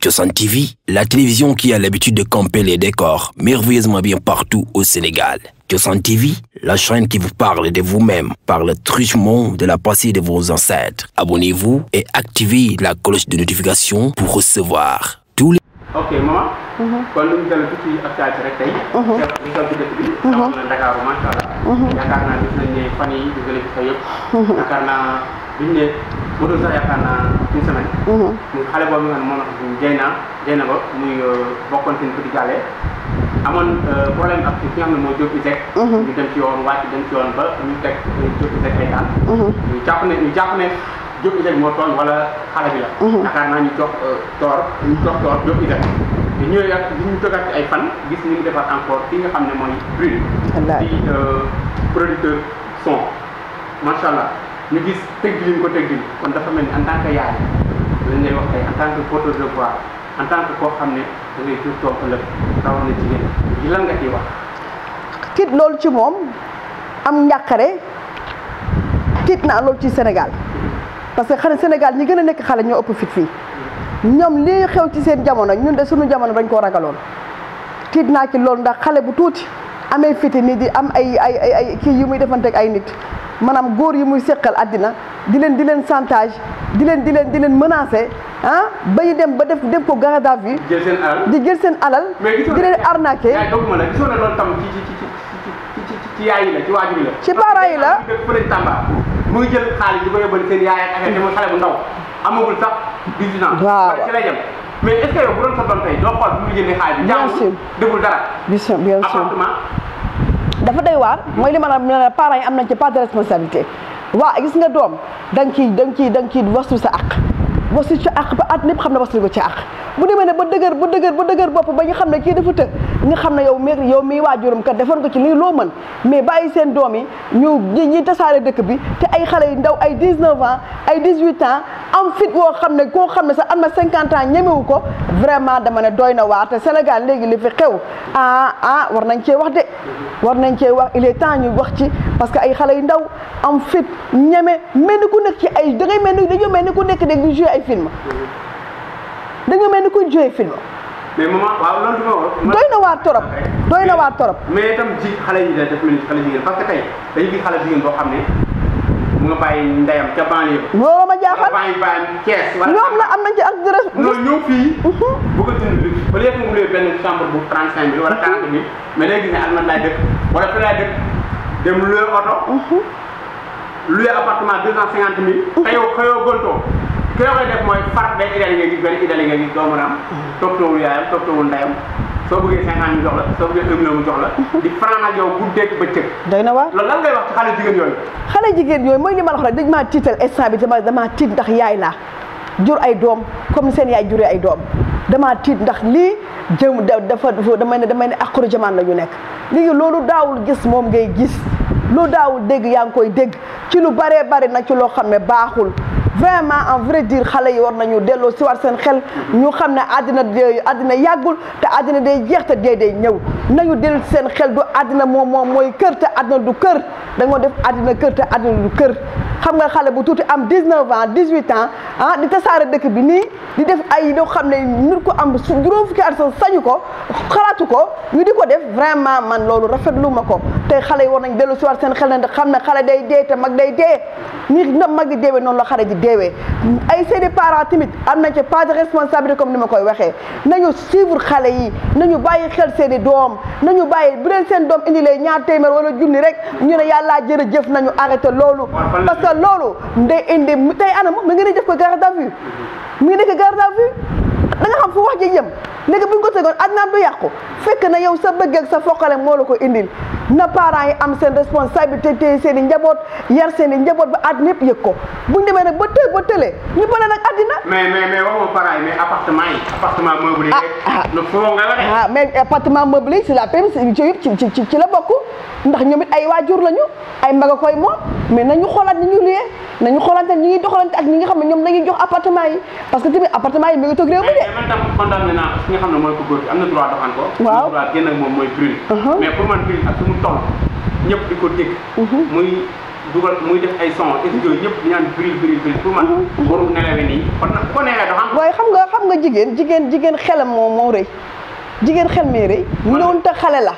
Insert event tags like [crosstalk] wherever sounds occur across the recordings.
Tchosan TV, la télévision qui a l'habitude de camper les décors merveilleusement bien partout au Sénégal. Tchosan TV, la chaîne qui vous parle de vous-même par le truchement de la passée de vos ancêtres. Abonnez-vous et activez la cloche de notification pour recevoir tous les... ok maman. Mhm. kon lu ñu dal a actualité rek tey. Mhm. li xew ci dëkk bi. xam mhm. na Ndakaaru macha allah. yaakaar naa gis nañ ne fan yii gis nañ ko yëpp. yaakaar naa biñ mu doon sax yaakaar naa une semaine. mu xale boobu nga xam moom la ko jëy naa ko muy euh, bokkoon seen petit gàlle. amoon euh, problème ak ki nga xam ne moo jóg dem ci yoon wàcc dem ci yoon ba ñu teg jóg ISEC ay daal. ñu jàpp ne ñu jàpp ne. Diop Isaac moo tooñ wala xale bi la. Mhm. yaakaar naa ñu jox euh, toor ñu jox toor Diop Isaac. te ñooy ak bu ay fan gis ni mu defaat encore ki nga xam ne mooy Brune. wallaay di euh, producteur son macha allah ñu gis tëgg li ñu ko tëgg kon dafa mel ni en tant que yaay lañ lay wax tey en tant que porteur de voix en tant que koo xam ne da ngay jur toog la rawoon na jigéen ji lan nga ciy wax. tiit loolu ci moom am njàqare tiit naa loolu ci Sénégal. parce que xale Sénégal ñi gën a nekk xale ñoo ëpp fit fii ñoom lii xew ci seen jamono ñun de suñu jamono dañ koo ragaloon tiit naa ci lool ndax xale bu tuuti amee fiti nii di am ay ay ay kii yu muy defanteeg ay nit maanaam góor yi muy seqal addina di leen di leen chantage di leen di leen di leen menacé ah ba ñu dem ba def def ko garde à di jël seen alal di di leen arnaqué mais gisoo ne ci ci yi la muy jël xaalis di ko yóbbal seen yaay ak affaire yi xale bu ndaw amagul sax 18 ans. waaw ci lay yem mais est ce que yow bu doon sa doom tey doo xool dara. bien sûr bien dafa doy waar mooy li ma la parents yi am nañ ci part de responsabilité waaw nga doom da ciy da ciy da nga ciy wasu sa àq. wasu ci àq ba at lépp xam ne wasu ko ci àq bu demee ne ba dëgër bu dëgër bu dëgër bopp ba ñu xam na kii dafa të nga xam na yow mi yow mii waajuram kat defoon ko ci lii loo mën mais bàyyi seen doom yi ñu ñi tasaare dëkk bi te ay xale yu ndaw ay 19 ans ay 18 ans am fit woo xam ne koo xam ne sax am na cinquante ans ñemewu ko vraiment dama ne doy na waar te Sénégal léegi li fi ah ah war nañ cee wax de war nañ cee wax il est temps ñu wax ci parce que ay xale yu ndaw am fit ñeme mel ni ku nekk ci ay da ngay mel ni dañoo mel ni ku nekk di jouer ay film dañoo mel ni ku jouer film. mais maman waar torop doy na waar torop mais itam ji xale yi daf mel ni xale jigéen parce que tey dañu gis xale jigéen boo xam ne mu nga bàyyi ndeyam ca banlieue loolu ma jaaxal bàyyi am nañ ci ak dërës loolu ñëw fii bu ko dund bi ba léegi mu loué benn chambre bu trente cinq mille wala uhuh. quarante mille mais uhuh. uhuh. mooy far benn idéal nga gis benn idéal nga gis doo mën a am toppatoowul yaayam toppatoowul ndeyam soo bëggee cinq cent mu jox la soo bëggee un million mu jox la di fanaan yow guddeeg bëccëg doy na waar loolu lan ngay wax ci jigéen yooyu mooy li dañ maa tiital instant bi dama damaa tiit ndax yaay laa jur ay doom comme seen yaay juree ay doom damaa tiit ndax lii jëm dafa damay ne damay ne akuru jamaan la ñu nekk léegi loolu daawul gis moom ngay gis lu daawul dégg yaa ngi koy dégg ci lu baree bari na ci loo xam ne baaxul vraiment en vrai dire xale yi war nañu delloo si waat seen xel ñu xam ne àddina àddina yàggul te àddina day jeex te dee day ñëw nañu dell seen xel du àddina moom moom mooy kër te àddina du kër dañoo def addina kër te àddina du kër xam nga xale bu tuuti am 19 ans 18 ans ah di tasaare dëkk bi nii di def ay doo xam ne nit ko am su juróom fukki at sa sañu ko xalaatu ko ñu di ko def vraiment man loolu rafetlu ma ko te xale yi war nañ dellu si waat seen xel ne xam ne xale day dee te mag day dee ni mag di deewee noonu la xale ji deewee ay seeni parents tamit am nañ ci pas de responsabilité comme ni ma koy waxee nañu suivre xale yi nañu bàyyi xel seeni doom nañu bàyyi bu leen seen doom indi lay ñaar téeméer wala junni rek ñu ne yàllaa jërëjëf nañu arrêté loolu parce que loolu day indi tey anam mu ngi ne def ko garde à vue mu ngi nekk garde à vue nga xam fu wax ji jëm léegi bu ñu ko tegoon adnaan du yàqu fekk na yow sa bëgg ak sa foqale moo la ko indil na parents yi am seen responsabilité téye seen i njaboot yar seen i njaboot ba at ñëpp yëg ko bu ñu demee ba tël ba tëlee ñu bale nag àddina. mais mais mais waxuma parents yi mais appartement yi. appartement meublé. ah ah. ah mais appartement meublé c'est la même ci ci ci la bokk ndax ñoom it ay waajur lañu ay mag a koy moom. mais nañu xoolaat ni ñu luyee nañu xoolaat ni ñuy doxalante ak ñi nga xam ne ñoom dañuy jox appartement yi parce que tamit appartement yi mi ngi toog réew mi de. mais naa ko nga xam ne mooy ko góor gi am na droit doxaan ko. moom mooy brûler. Uh-huh. mais pour man brûler mu toll ñëpp di ko dégg. Uh-huh. muy dugal muy def ay son et yooyu ñëpp di naan uh-huh. waaye xam nga xam nga jigéen jigéen jigéen xelam moo moo rëy jigéen xel mee rëy. ñëwoon te xale la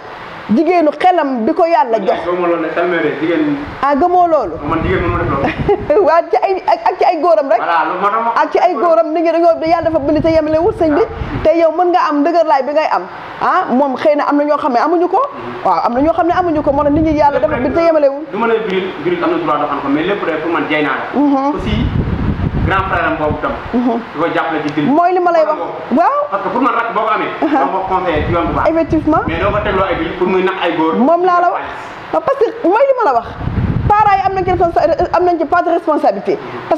jigéenu xelam bi ko yàlla jox. ah gëmoo loolu. [laughs] waa ci ay ak ci ay góoram rek. ak ci ay góoram ni ngeen dañoo yàlla dafa bind te yemale wut sëñ bi. te yow mën nga am dëgërlaay bi ngay am ah moom xëy na am na ñoo xam ne amuñu ko. Mm-hmm. waaw am na ñoo xam ne amuñu ko moo tax nit ñi yàlla dafa bind te yemale ma ne biir grand frère am boobu tam. Mhm. di ko jàppale ci kii. mooy li ma lay wax waaw. parce mhm. moom laa la wax parce que mooy li parents yi am nañ ci am nañ ci parce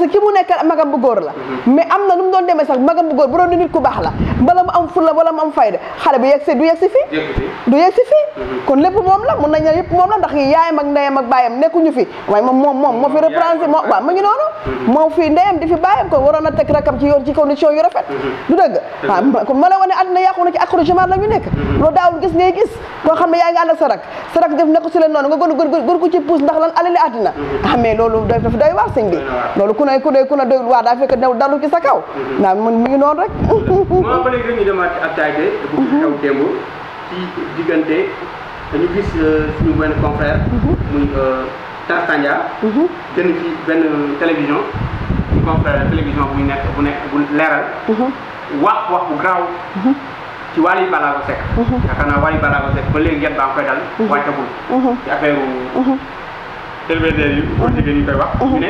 que ki mu nekk magam bu la mais am na nu mu doon demee sax magam bu bu doon di nit ku baax la mbala mu am fulla wala mu am fayda xale bu yegsi du yegsi kon lépp moom la mun nañ ne yëpp moom la ndax yaayam ak ndeyam fi waaye moom moom moom moo fi reprendre moom waaw mu noonu mm-hmm. moom fii ndeyam di fi baayam kon waroon a teg rakam ci yoon ci condition yu mm-hmm. du dëgg kon ma wane àddina yàqu na nekk mm-hmm. ak sa àddina na ah, mais loolu dafa doy waar sëñ bi loolu ku ne ku ne ku ne doyul waar daa fekk new dalu ci sa kaw mhm. naa man mu ngi noonu rek moo [laughs] ba léegi ñu demaat ci actualité bu mhm. xew démb ci diggante dañu gis euh, suñu benn confrère mhm. muy euh, Tartandia gën ci téléviseurs yu góor jigéen ñu koy wax mhm. ñu ne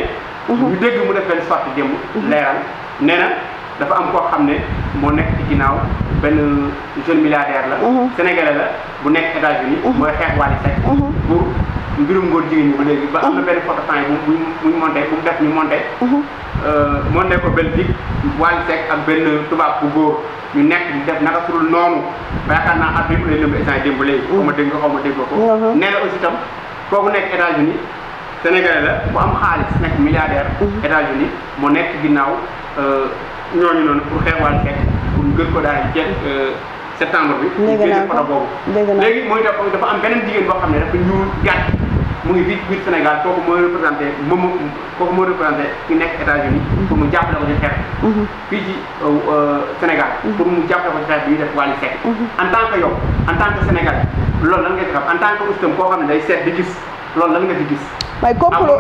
mhm. ñu dégg mu def benn sorti démb mhm. leeral nee na dafa am koo xam ne moo nekk ci ginnaaw benn jeune milliardaire la sénégalais la bu nekk États-Unis mooy xeex Wally Seck pour mbirum góor jigéen ñi ba léegi ba am na benn photo temps yi bu buñ monté bu mu def ñu monté euh, monté ko Belgique Wally Seck ak benn tubaab bu góor ñu nekk di def naka surul noonu ba yaakaar naa at bi bu lay lëmb état démb léegi xaw ma dégg nga xaw ma dégg ko nee na aussi tam kooku nekk États-Unis Sénégalais la bu am xaalis nekk milliardaire. Mhm. États-Unis mu nekk ginnaaw euh, ñooñu noonu pour xeexwaal fekk pour gën ko daal di euh, septembre bi. dégg naa ko dégg naa ko léegi mooy dafa am beneen jigéen koo xam ne dafa ñuul gàtt mu ngi fii biir Sénégal kooku mooy représenté mu kooku moo représenté ki nekk États-Unis mhm. pour mu jàppale ko ci xeex. Mhm. fii ci euh, Sénégal. pour mu jàppale ko ci xeex bi ñuy def wàllu fekk. en tant que yow en tant que Sénégalais loolu ngay xam en tant que ustam koo xam ne day seet di gis. loolu lan nga ci gis. may complot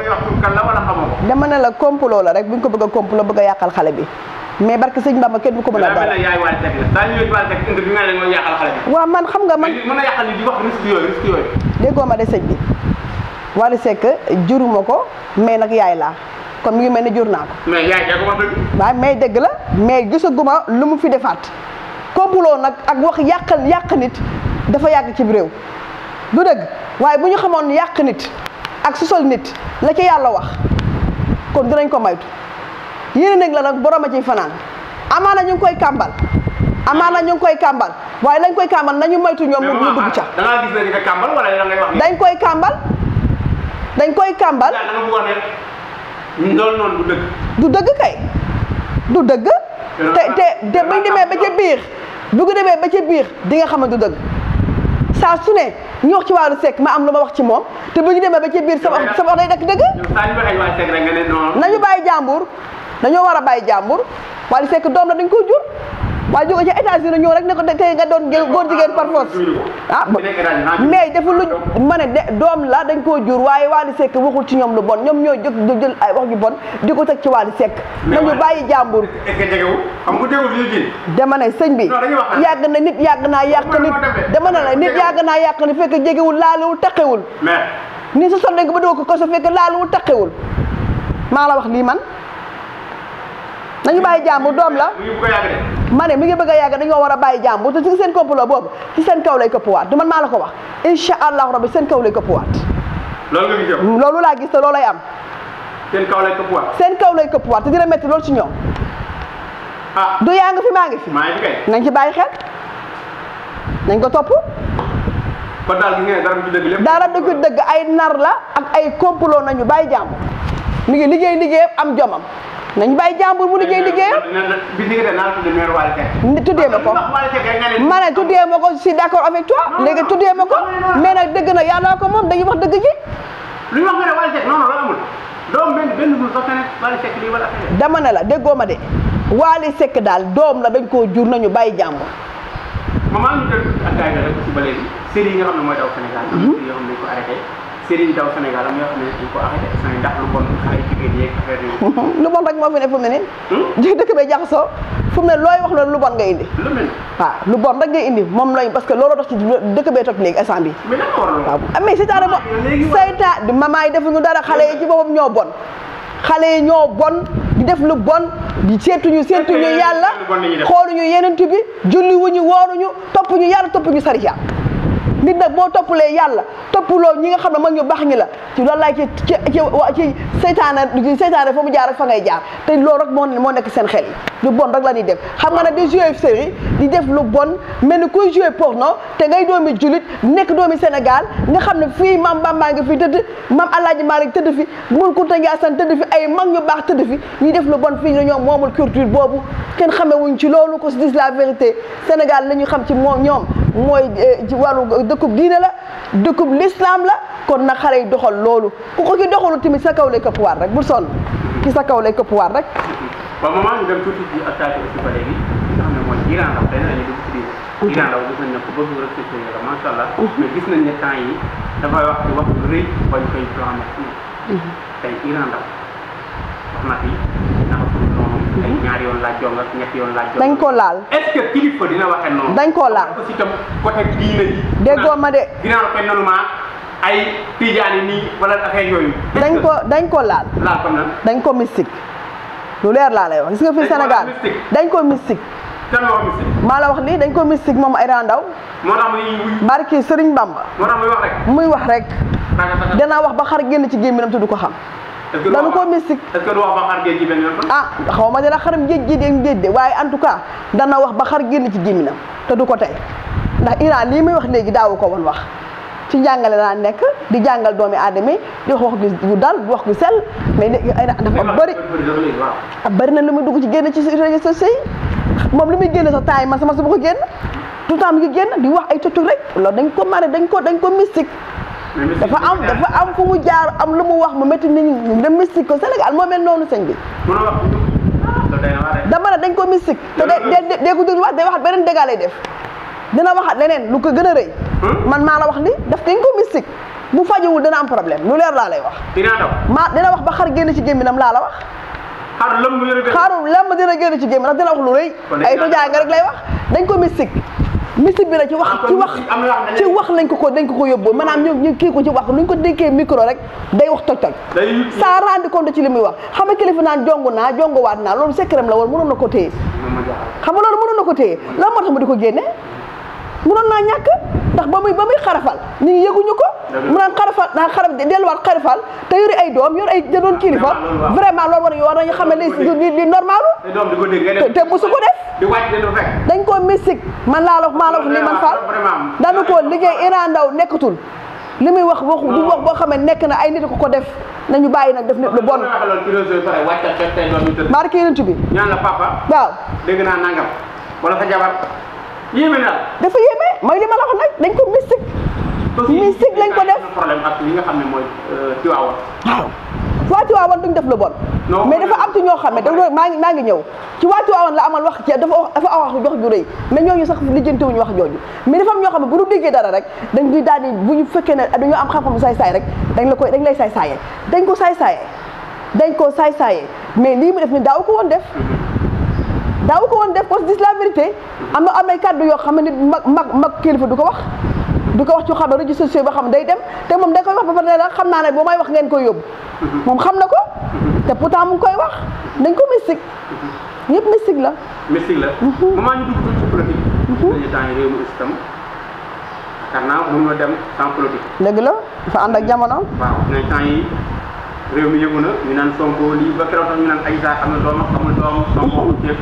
mën na la complot la rek bu ñu ko bëgg a bëgg a yàqal xale bi mais barke sëñ ma kenn du ko mën a dara waaw man xam nga man mën a yàqal di wax risque ma de sëñ juruma ko mais nag yaay laa kon mu ngi mel ne jur naa ko mais yaay ko wax dëgg waaw mais dëgg la mais gisaguma lu mu fi defaat complot nag ak wax yàq yàq nit dafa yàgg ci réew du dëgg waaye bu ñu xamoon yàq nit ak susal nit la ci yàlla wax kon danañ ko maytu yéene nag la nag borom a ciy fanaan amaana ñu ngi koy kàmbal amaana ñu ngi koy kàmbal waaye lañ koy kàmbal nañu maytu ñoom mu dugg ca dañ koy kàmbal dañ koy kàmbal loolu noonu du dëgg du dëgg kay du dëgg te te te buñ demee ba ca biir bu demee ba ca biir di nga xam ne du dëgg saa su ne ñu wax ci Wally Seck ma am lu ma wax ci moom te bu ñu demee ba ci biir sama sama wax day dakk dëgg nañu bàyyi jàmbur dañoo war a bàyyi jàmbur Wally Seck doom la dañ ko jur waaye jóge ca États-Unis ñëw rek ne ko tey nga doon góor jigéen par force ah mais dafa lu ma de doom la dañ koo jur waaye Wally sekk waxul ci ñoom lu bon ñoom ñoo jóg di jël ay wax ju bon di ko teg ci Wally Seck nañu bàyyi jàmbur dema ne sëñ bi yàgg na nit yàgg naa yàq nit dama ne la nit yàgg naa yàq nit fekk jegewul laaluwul taqewul nii su sol nañ ko ba dugg ko koso fekk laaluwul taqewul maa la wax lii man nañu bàyyi jàmbur doom la ma ne mi ngi bëgg a yàgg dañoo war a bàyyi jàmbur te ci seen complot boobu ci seen kaw lay këppwaat du man maa la ko wax incha allahu rabbi seen kaw lay këppwaat loolu laa gis te loolu lay am seen kaw lay këppwaat seen kaw lay këppwaat te dina métti loolu ci ñoom ah. du yaa ngi fi maa ngi fi nañ ci bàyyi xel nañ ko topp kon daal gi ngeen dara du dëgg lépp dara du dëgg ay nar la ak ay complot nañu bàyyi jàmbur mi ngi liggéey liggéey am jomam nañu bàyyi jàmbur mu liggéey liggéeyam. tuddee ma ko ma ne tuddee ma ko je suis avec toi léegi tuddee ma ko mais nag dëgg na ko moom dañuy wax dëgg ji. lu dama ne la déggoo ma de Wally Seck daal doom la dañ koo jur nañu bàyyi jàmbur. sëriñ daw Sénégal lu bon xale jigéen yeeg affaire rek moo fi ne fu mu ne nii. dëkk bi jaxasoo fu ne looy wax loolu lu bon nga indi. lu waaw lu bon rek ngay indi moom lañ parce que looloo tax ci dëkk bee toog léegi instant bi mais lan moo waral waaw mais seytaane dara xale yi ci boppam ñoo bon. xale yi ñoo bon di def lu bon di seetuñu seetuñu yàlla xooluñu yeneen bi julli wuñu wooruñu toppuñu yàlla toppuñu sariya nit nag boo toppalee yàlla toppaloo ñi nga xam ne mag ñu baax ñi la ci wallaay ci ci ci seytaane seytaane fa mu jaar ak fa ngay jaar te loolu rek moo moo nekk seen xel lu bon rek la ñuy def xam nga ne di jouer série di def lu bon mel ni kuy jouer porno te ngay doomi julit nekk doomi Sénégal nga xam ne fii maam Bamba ngi fi tëdd maam Alaaji Maalik tëdd fi Buur Kunta Njaasaan tëdd fi ay mag ñu baax tëdd fi ñuy def lu bon fii ne ñoom moomul culture boobu kenn xamewuñ ci loolu ko si dis la vérité Sénégal la ñu xam ci moom ñoom mooy eh, ci wàllu dëkkub diine la dëkkub lislaam la kon na xale doxal loolu ku ko ci doxalu tamit sa kaw lay këpp waar rek bul sonn ci sa kaw lay këpp waar rek. ko bëgg respecté mmh. la macha ay ñaari yoon laaj dañ ko laal est dañ ko laal aussi tam côté diine ma de dina waxe dañ ko dañ ko laal dañ ko mystique lu leer laa lay wax gis nga fii Sénégal dañ ko mystique maa la wax lii dañ ko mistik moom ay randaw moo tax muy barki Sëriñ Bamba muy wax rek muy wax dana wax ba xar génn ci gémmiñam te ko xam dañu ko mystique est-ce que du wax ba ah xaw ma dina xaram géej gi dem géej de waaye en tout cas dana wax ba xar génn ci gémminam te du ko tey ndax Iran lii muy wax léegi daawu ko woon wax ci jàngale laa nekk di jàngal doomi aadama di wax wax gu dal wax gu sell mais dafa bëri ah, bari na lu muy dugg ci génn ci réseaux sociaux yi moom lu muy génn sax temps yi man sama su ma ko génn tout temps mi ngi génn di wax ay cocog rek loolu dañ ko mare dañ ko dañ ko mystique dafa am dafa am fu mu jaar am lu mu wax mu metti nit ñi dem mystique ko Sénégal moo mel noonu sëñ bi. dama ne dañ ko mystique. te de de ko déglu wax day waxat beneen dégât lay def. dina waxat leneen lu ko gën a rëy. man maa la wax ni daf dañ ko mystique. mu fajuwul dana am problème lu leer laa lay wax. ma dina wax ba xar génn ci gémminam laa la wax. xaaru lëmm dina génn ci gémminam dina wax lu rëy. ay tojaay nga rek lay wax dañ ko mystique. mystique bi la ci wax ci wax ci wax lañ ko ko dañ ko ko yóbbu maanaam ñu ñu kii ko ci wax luñ ko dénkee micro rek day wax toj toj ça rendre da ci li muy wax xam nga kilifa naan jongu naa jonguwaat naa loolu secret la woon mënoon na ko téye xam nga loolu mënoon na ko téye lan moo tax di ko génne mënoon naa ñàkk ndax ba muy ba muy xarafal ñu yëguñu ko mu naan xarafal naan xaraf delluwaat xarafal te yori ay doom yor ay da doon kilifa vraiment loolu war yoon nañu xam ne li li normal te mosu ko def dañ koo mystique man laa la maa la wax nii man faal dañu koo liggéey Iran nekkatul li muy wax waxu du wax boo xam ne nekk na ay nit ko ko def nañu bàyyi nag def nit lu bon. barke yonent bi. ñaan la papa. waaw naa nangam wala yéeme daal. dafa yéeme mooy li ma la wax nag dañ ko mystique. mystique lañ ko def euh, waaw waa Tiwaawan duñ def lu bon. mais dafa am ci ñoo xam ne dafa maa ngi maa ngi ñëw. ci waa Tiwaawan la amal wax ci dafa dafa wax jox ju rëy mais ñooñu sax lijjanti wuñu wax jooju mais dafa am ñoo xam ne bu ñu déggee dara rek dañ di daal di bu ñu fekkee ne dañoo am xam-xam saay-saay rek dañ la koy dañ lay saay-saayee dañ ko saay-saayee dañ ko saay mais lii mu def ni daaw ko woon def mm-hmm. daaw ko woon def ko dis la vérité am na amay kàddu yoo xam ne mag mag mag kilifa du ko wax du ko wax ci xam ne réseaux sociaux ba xam day dem te moom da koy wax ba pare la xam naa ne boo may wax ngeen koy yóbbu moom xam na ko te pourtant mu ngi koy wax dañ ko mystique yëpp mystique la mystique la mhm. moment ñu mhm. dem sans la dafa ànd ak jamono réew mi yëngu na ñu naan Sonko Sonko tey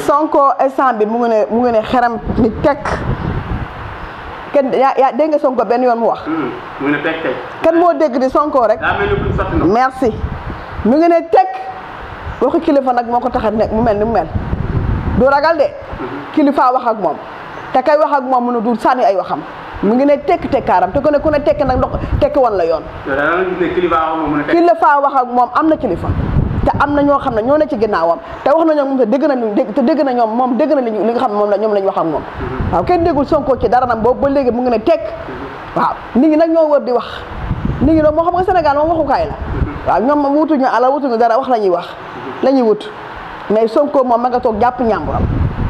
Sonko mu ngi ne mu ngi ne xeram ni tekk kenn yaa yaa Sonko benn yoon mu wax. Hmm, kenn moo dégg Sonko rek. daa mel ni buñ sotti merci mu ngi ne tekk waxu kilifa moo ko tax a mu mel ni mu mel. du ragal de kilifaa wax ak moom te kay wax ak moom mu ne du sànni ay waxam mu ngi ne tekk tekkaaram te ku ne ku ne tekk nag ndox tekk woon la yoon. kilifa wax ak moom am na kilifa. te am na ñoo xam ne ñoo ne ci ginnaawam te wax na ñoom moom te dégg na te dégg na ñoom moom dégg na li nga xam ne moom la ñoom la ñu wax ak moom. Mm-hmm. waaw kenn déggul Sonko ci ba léegi mu ngi ne tekk mm-hmm. waaw nit ñi nag ñoo wër di wax nit ñi nag moo xam nga Sénégal moom waxukaay la. Mm-hmm. waaw ñoom wutuñu alal wutuñu dara wax la ñuy wax la ñuy wut. mais Sonko moom ma nga toog jàpp ñàmburam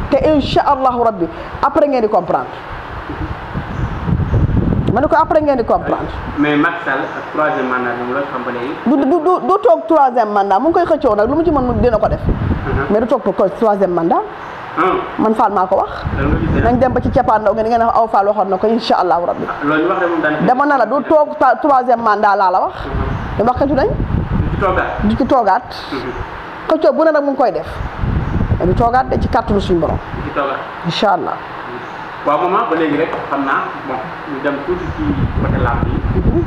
te incha allahu rabbi après ngeen di comprendre ma ne ko après ngeen di comprendre. mais Macky Sall ak troisième mandat moom la tàmbalee. du du du toog troisième mandat mu koy xëccoo nag lu mu ci mën dina ko def. Uh-huh. mais du toog ko troisième mandat. man Fall maa ko wax. nañ dem ba ci cappaandaw ngeen ngeen aw Fall waxoon na ko incha allahu rabbi. Ah, loolu wax na la du toog troisième mandat laa la wax. te uh-huh. waxatu nañ. du ci du ci toogaat. Uh-huh. xëccoo bu ne nag mu koy def dañu toogaat de ci kàttanu suñu borom. incha allah. waaw maman ba léegi rek xam naa bon ñu dem tuuti ci côté làmb yi. Mhm.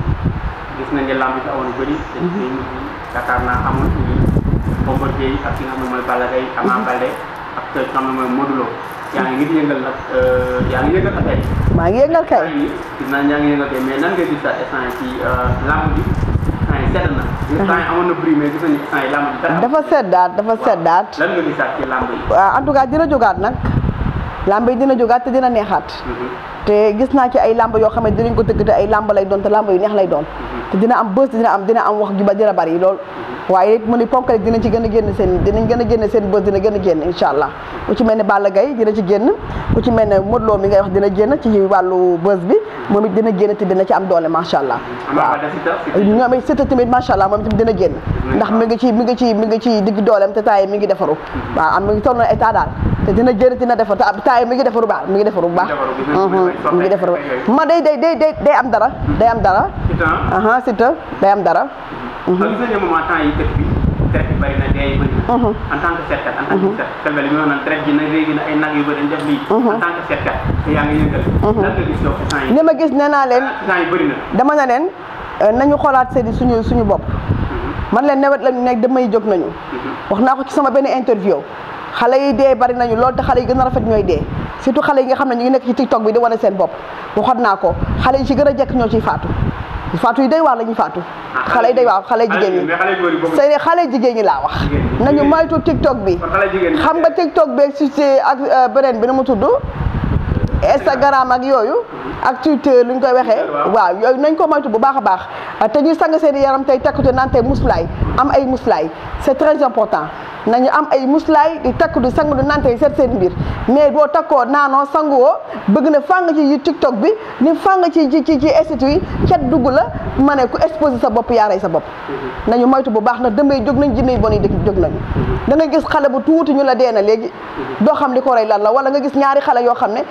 gis nañ ne làmb yi awoon bëri. Mhm. dañ koy yaakaar naa amoon ni Bombardier yi ak ki mhm. ak ki mooy Modou euh, yaa ngi yëngal nag yaa ngi yëngal ak maa ngi yëngal kay. gis naa yaa ngi yëngal kay mais nan nga gis daal instant ci euh, làmb bi. sedd na. instant dafa seddaat dafa seddaat. lan en tout cas dina jógaat nag. lamb yi dina jógaat te dina neexaat. Mhm. te gis naa ci ay lamb yoo xam ne dinañ ko tëgg te ay lamb lay doon te lamb yu neex lay doon. Mhm. dina am bës dina am dina am wax ju ba dina bari lool waaye it mu ni dina ci gën a génn seen dina gën a génn seen bës dina gën a génn incha allah ku ci mel ne Balla Gaye dina ci génn ku ci mel ne Modou Lo mi ngay wax dina génn ci wàllu bës bi moom it dina génn te dina ci am doole macha allah waaw ñoom it Siteu tamit macha allah moom itam dina génn ndax mi ngi ci mi ngi ci mi ngi ci digg dooleem te taay mi ngi defaru waaw am mi ngi toll na état daal te dina jëriñ dina defar te taay mi ngi defaru baax mi ngi defaru baax mhm. mi ma day day day day am dara day am dara Siteu day am dara. kon mhm. mhm. mhm. gis ma gis nee naa leen temps yi bëri na. dama na leen euh, nañu xoolaat suñu suñu bopp. man leen nawet la ñu nekk damay jóg nañu. wax naa ko ci sama benn interview. xale yi dee bari nañu lool te xale yi gën a rafet ñooy dee surtout xale yi nga xam ne ñu ngi nekk ci tiktok bi di wane seen bopp waxoon naa ko xale yi ci gën a jekk ñoo ciy faatu faatu yi day waar la ñuy faatu. Ah, xale yi day waar xale jigéen ñi mais xale jigéen ñi laa wax. nañu moytu TikTok bi. xam nga TikTok beeg si ak euh, beneen bi na mu tudd. Instagram ak yooyu ak Twitter lu ñu koy waxee waaw yooyu nañ ko moytu bu baax a baax te ñu sang seen yaram tey takkute naan tey muslaay am ay muslaay c'est très important nañu am ay muslaay di takku di sangu di naan tey seet seen mbir mais boo takkoo naanoo sanguwoo bëgg na fàng ci yi TikTok bi ni fàng ci ci ci ci institut yi cat dugg la ma ne ku exposé sa bopp yaa yaaray sa bopp nañu moytu bu baax na dëmbay jóg nañ jinne yu bon yi jóg nañu da nga gis xale bu tuuti ñu la dee na léegi doo xam li ko rey lan la wala nga gis ñaari xale yoo xam ne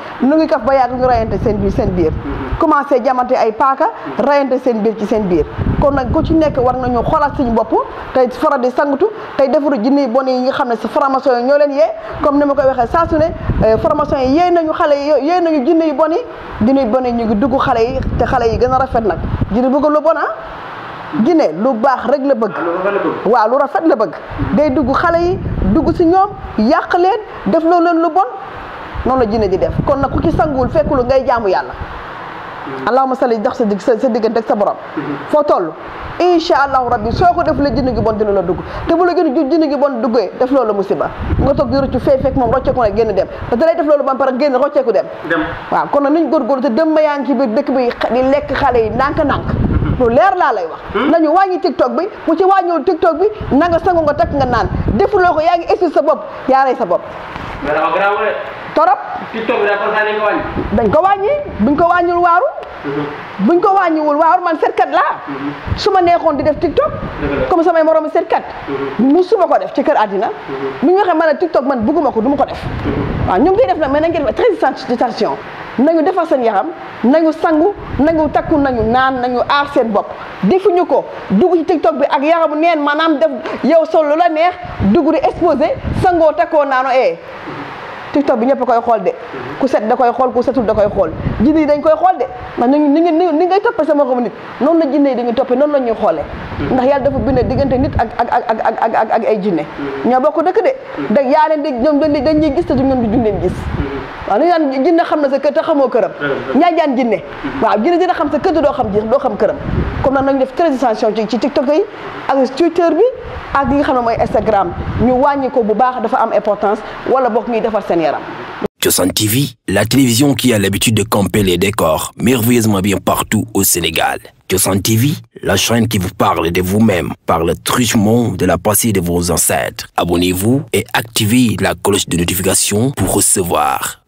ñuy kaf ba yàgg ñu rayante seen biir seen biir commencé jamante ay paaka rayante seen biir ci seen biir kon nag ku ci nekk war nañu xoolaat suñu bopp tey fara di sangutu tey defaru jinni bon yi nga xam ne sa formation yi ñoo leen yee comme ni ma koy waxee saa su ne euh, formation yi yee nañu xale yi yee nañu jinni yu bon yi jinni yu bon yi ñu ngi dugg xale yi te xale yi gën a rafet nag jinni bëgg lu bon ah jinne lu baax rek la bëgg waa lu rafet la bëgg day dugg xale yi dugg si ñoom yàq leen def loo leen lu bon noonu la jinne di def kon na ku ci sanguwul fekkul ngay jaamu yàlla allahuma salli dox sa digg sa diggante ak sa borom mm-hmm. foo toll incha allahu rabbi soo ko def la jinne gi bon dina la dugg te mu la gën ju jinne gi bon duggee def loolu musiba nga toog di rëccu fee fekk moom rocceeku ne génn dem te da lay def loolu ba pare génn rocceeku dem waaw kon nag nañ góorgóorlu te dem ba yaa ngi ci biir dëkk bi di lekk xale yi nànk-nànk mm-hmm. lu leer laa lay wax hmm? nañu wàññi tiktok bi mu ci wàññiwul tiktok bi na nga sangu nga takk nga naan defuloo ko yaa ngi expliqué sa bopp yaa sa bopp torop tiktok bi dañ ko wàññi. dañ ko wàññi buñ ko wàññiwul waaru. Mm-hmm. buñ ko wàññiwul waaru man seetkat laa. Mm-hmm. su ma neexoon di def tiktok. comme samay moromu seetkat. Mm-hmm. musuma ko def ci kër addina bu ñu waxee man a tiktok man bugguma ko du ma ko def. waaw ñoom koy def nag mais nañ koy def très attention nañu defar seen yaram nañu sangu nañu takku nañu naan nañu aar seen bopp defuñu ko dugg ci tiktok bi ak yaramu neen maanaam def yow solo la neex dugg di exposé sangoo takkoo naano eh. TikTok bi ñëpp koy xool de ku set da koy xool ku setul da koy xool jinne yi dañ koy xool de ndax ñu ni ngay toppee sama moromu nit noonu la jinne yi dañuy toppee noonu la ñuy xoolee ndax yàlla dafa bind diggante nit ak ak ak ak ak ak ak ay jinne dañ dañ ñuy gis te ñoom du na sa kër te xamoo këram ñaajaan jinne waaw xam sa kër te doo xam ji xam këram comme nag nañu def très attention ci ak ak li nga xam ne mooy Instagram ñu wàññi ko bu baax dafa am importance wala bokk ñuy defar seen yaram. Thiossane TV, la télévision qui a l'habitude de camper les décors merveilleusement bien partout au Sénégal. Thiossane TV, la chaîne qui vous parle de vous-même par le truchement de la passé de vos ancêtres. Abonnez-vous et activez la cloche de notification pour recevoir